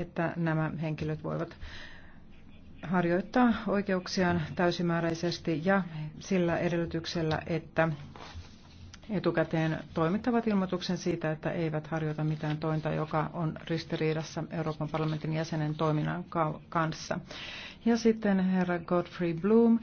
että nämä henkilöt voivat harjoittaa oikeuksiaan täysimääräisesti ja sillä edellytyksellä, että etukäteen toimittavat ilmoituksen siitä, että eivät harjoita mitään tointa, joka on ristiriidassa Euroopan parlamentin jäsenen toiminnan kanssa. Ja sitten herra Godfrey Bloom